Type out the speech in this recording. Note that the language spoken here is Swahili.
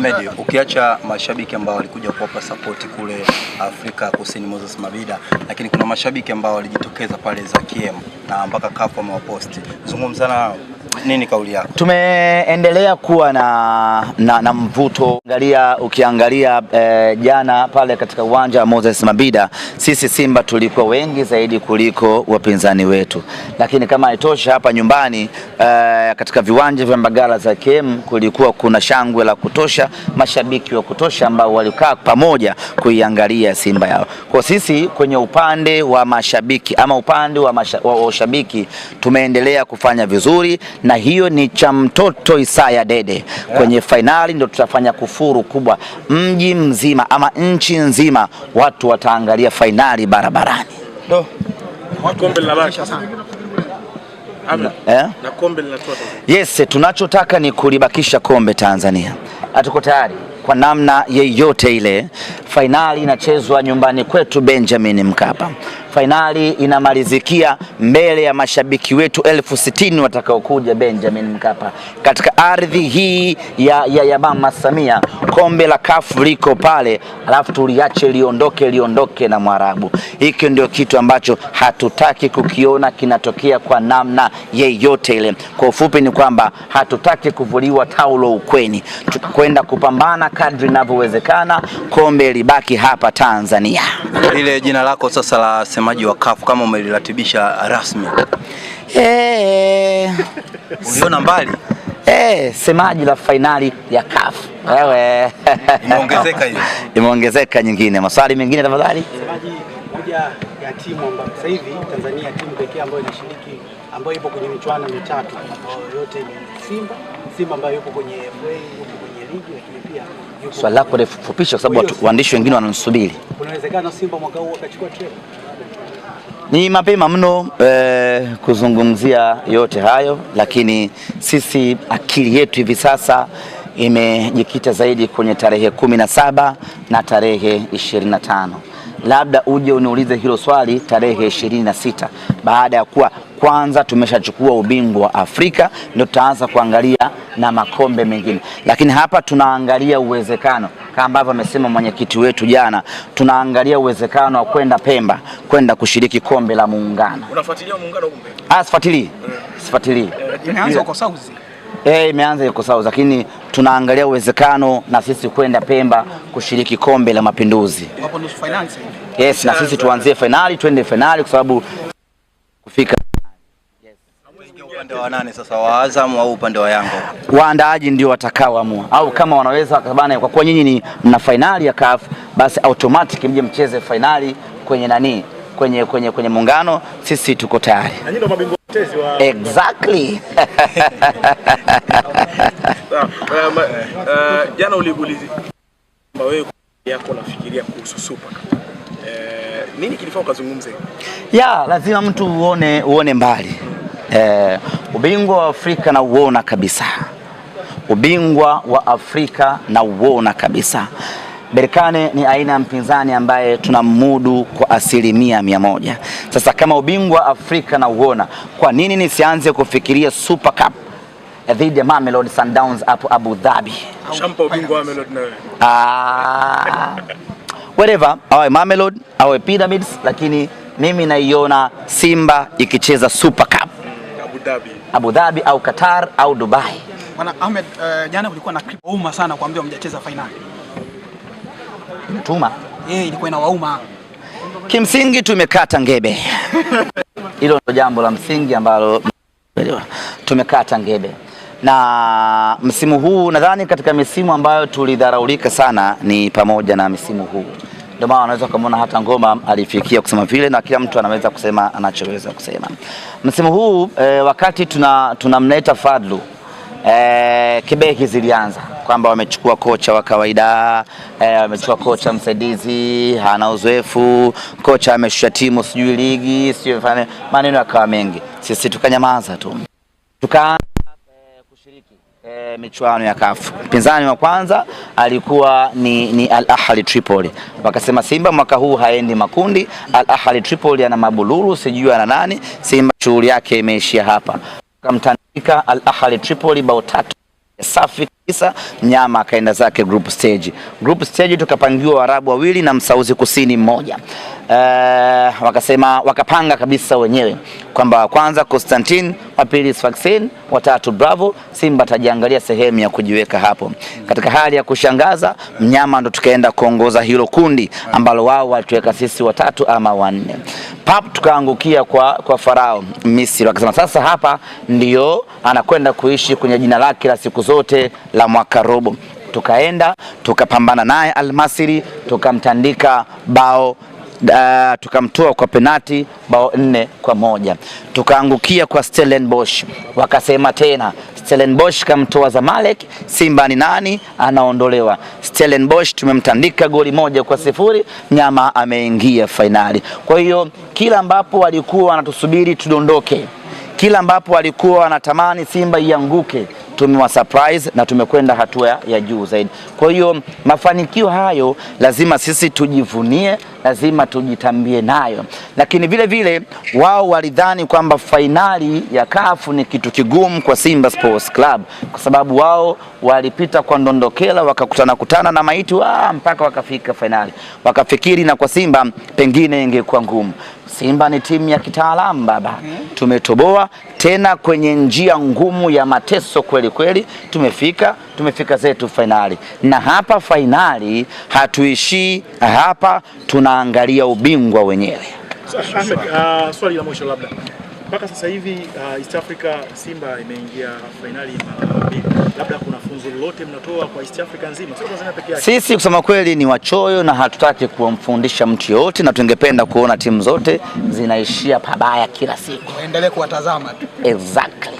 Mohamed, ukiacha mashabiki ambao walikuja kuwapa support kule Afrika Kusini Moses Mabida, lakini kuna mashabiki ambao walijitokeza pale za KM na mpaka kafu wamewaposti, zungumzana nao nini kauli yako? Tumeendelea kuwa na, na, na mvuto angalia, ukiangalia e, jana pale katika uwanja wa Moses Mabida sisi Simba tulikuwa wengi zaidi kuliko wapinzani wetu, lakini kama haitosha hapa nyumbani e, katika viwanja vya Mbagala za KM kulikuwa kuna shangwe la kutosha, mashabiki wa kutosha ambao walikaa pamoja kuiangalia Simba yao. Kwa sisi kwenye upande wa mashabiki ama upande wa, masha, tumeendelea kufanya vizuri na hiyo ni cha mtoto Isaya Dede kwenye fainali, ndio tutafanya kufuru kubwa, mji mzima ama nchi nzima, watu wataangalia fainali barabarani no. eh? Na kombe yes, tunachotaka ni kulibakisha kombe Tanzania. Hatuko tayari kwa namna yeyote ile. Fainali inachezwa nyumbani kwetu Benjamin Mkapa fainali inamalizikia mbele ya mashabiki wetu elfu sitini watakaokuja Benjamin Mkapa katika ardhi hii ya, ya, ya Mama Samia. Kombe la kafu liko pale, alafu tuliache liondoke liondoke na Mwarabu. Hiki ndio kitu ambacho hatutaki kukiona kinatokea kwa namna yeyote ile. Kwa ufupi ni kwamba hatutaki kuvuliwa taulo ukweni, tutakwenda kupambana kadri inavyowezekana, kombe libaki hapa Tanzania ile jina lako sasa la semaji wa kafu kama umeliratibisha rasmi? Eh, uliona mbali eh, semaji la fainali ya kafu Wewe imeongezeka hiyo, imeongezeka nyingine. Maswali mengine tafadhali. moja ya timu ambayo sasa hivi Tanzania timu pekee ambayo inashiriki ambayo ipo kwenye michuano mitatu yote ni Simba. Simba ambayo yupo kwenye FA, kwenye Swali lako lifupisha kwa sababu waandishi wengine wanamsubiri. Unawezekana Simba mwaka huu akachukua treble? Ni mapema mno eh, kuzungumzia yote hayo, lakini sisi akili yetu hivi sasa imejikita zaidi kwenye tarehe kumi na saba na tarehe ishirini na tano labda uje uniulize hilo swali tarehe ishirini na sita baada ya kuwa kwanza tumeshachukua ubingwa wa Afrika, ndio tutaanza kuangalia na makombe mengine, lakini hapa tunaangalia uwezekano kama ambavyo amesema mwenyekiti wetu jana, tunaangalia uwezekano wa kwenda Pemba kwenda kushiriki kombe la Muungano. Unafuatilia Muungano kumbe? Ah, sifuatilii, eh. sifuatilii. Eh, imeanza kwa South eh, imeanza iko sawa, lakini tunaangalia uwezekano na sisi kwenda Pemba kushiriki kombe la Mapinduzi. Yes, na sisi tuanzie fainali, twende fainali kwa sababu kufika upande wa nane sasa wa Azam au upande wa Yanga, waandaaji ndio watakaoamua, au kama wanaweza kabana, kwa kuwa nyinyi ni mna fainali ya CAF, basi automatic mje mcheze fainali kwenye nani, kwenye kwenye kwenye muungano. Sisi tuko tayari. Exactly. Jana wewe yako kuhusu Super Cup. Eh, nini kilifanya ukazungumze? Ya, lazima mtu uone uone mbali. Eh, ubingwa wa Afrika na uona kabisa. Ubingwa wa Afrika na uona kabisa. Berkane ni aina ya mpinzani ambaye tunamudu kwa asilimia mia moja. Sasa kama ubingwa Afrika na uona, kwa nini nisianze kufikiria Super Cup eh, dhidi ya Mamelodi Sundowns hapo Abu Dhabi? Shampa ubingwa wa Mamelodi na wewe. Ah, whatever, awe Mamelodi awe Pyramids, lakini mimi naiona Simba ikicheza Super Cup Abu Dhabi, Abu Dhabi au Qatar au Dubai. Bwana Ahmed, uh, jana kulikuwa na uma sana kuambia mjacheza finali Mtuma eh, ilikuwa inawauma kimsingi, tumekata ngebe hilo ndo jambo la msingi ambalo tumekata ngebe na msimu huu nadhani katika misimu ambayo tulidharaulika sana ni pamoja na misimu huu. Ndio maana unaweza ukamwona hata ngoma alifikia kusema vile, na kila mtu anaweza kusema anachoweza kusema msimu huu e, wakati tunamleta tuna Fadlu eh, kibeki zilianza kwamba wamechukua kocha wa kawaida eh, wamechukua kocha msaidizi hana uzoefu, kocha ameshusha timu sijui ligi sijui fanya, maneno yakawa mengi, sisi tukanyamaza tu, tukaanza eh, kushiriki eh, michuano ya kafu. Mpinzani wa kwanza alikuwa ni, ni Al Ahli Tripoli, wakasema Simba mwaka huu haendi makundi. Al Ahli Tripoli ana mabululu sijui ana nani, Simba shughuli yake imeishia hapa. Kamtandika Al Ahli Tripoli bao tatu ya safi kabisa, mnyama akaenda zake group stage. Group stage tukapangiwa Waarabu wawili na Msauzi Kusini mmoja. Uh, wakasema wakapanga kabisa wenyewe kwamba kwanza Konstantin, wa pili Sfaxin, watatu Bravo, Simba tajiangalia sehemu ya kujiweka hapo. Katika hali ya kushangaza, mnyama ndo tukaenda kuongoza hilo kundi ambalo wao walituweka sisi watatu ama wanne. Pap tukaangukia kwa, kwa Farao Misri. Wakasema sasa hapa ndiyo anakwenda kuishi kwenye jina lake la siku zote la mwaka robo. Tukaenda tukapambana naye Almasiri, tukamtandika bao Uh, tukamtoa kwa penati bao nne kwa moja. Tukaangukia kwa Stellenbosch, wakasema tena Stellenbosch kamtoa Zamalek. Simba ni nani anaondolewa? Stellenbosch tumemtandika goli moja kwa sifuri. Nyama ameingia fainali. Kwa hiyo kila ambapo walikuwa wanatusubiri tudondoke, kila ambapo walikuwa wanatamani Simba ianguke tumewa surprise na tumekwenda hatua ya juu zaidi. Kwa hiyo mafanikio hayo lazima sisi tujivunie lazima tujitambie nayo, lakini vile vile wao walidhani kwamba fainali ya kafu ni kitu kigumu kwa Simba Sports Club, kwa sababu wao walipita kwa Ndondokela wakakutana kutana na maiti wa, mpaka wakafika fainali, wakafikiri na kwa Simba pengine ingekuwa ngumu. Simba ni timu ya kitaalamu baba, mhm. tumetoboa tena kwenye njia ngumu ya mateso kweli kweli, tumefika tumefika zetu fainali, na hapa fainali hatuishii hapa, tuna tunaangalia ubingwa wenyewe. uh, swali la mwisho labda. Mpaka sasa hivi uh, East Africa Simba imeingia fainali mara mbili. Labda kuna funzo lolote mnatoa kwa East Africa nzima, sio Tanzania peke yake. Sisi kusema kweli ni wachoyo na hatutaki kumfundisha mtu yoyote, na tungependa kuona timu zote zinaishia pabaya kila siku. Endelee kuwatazama tu. Exactly.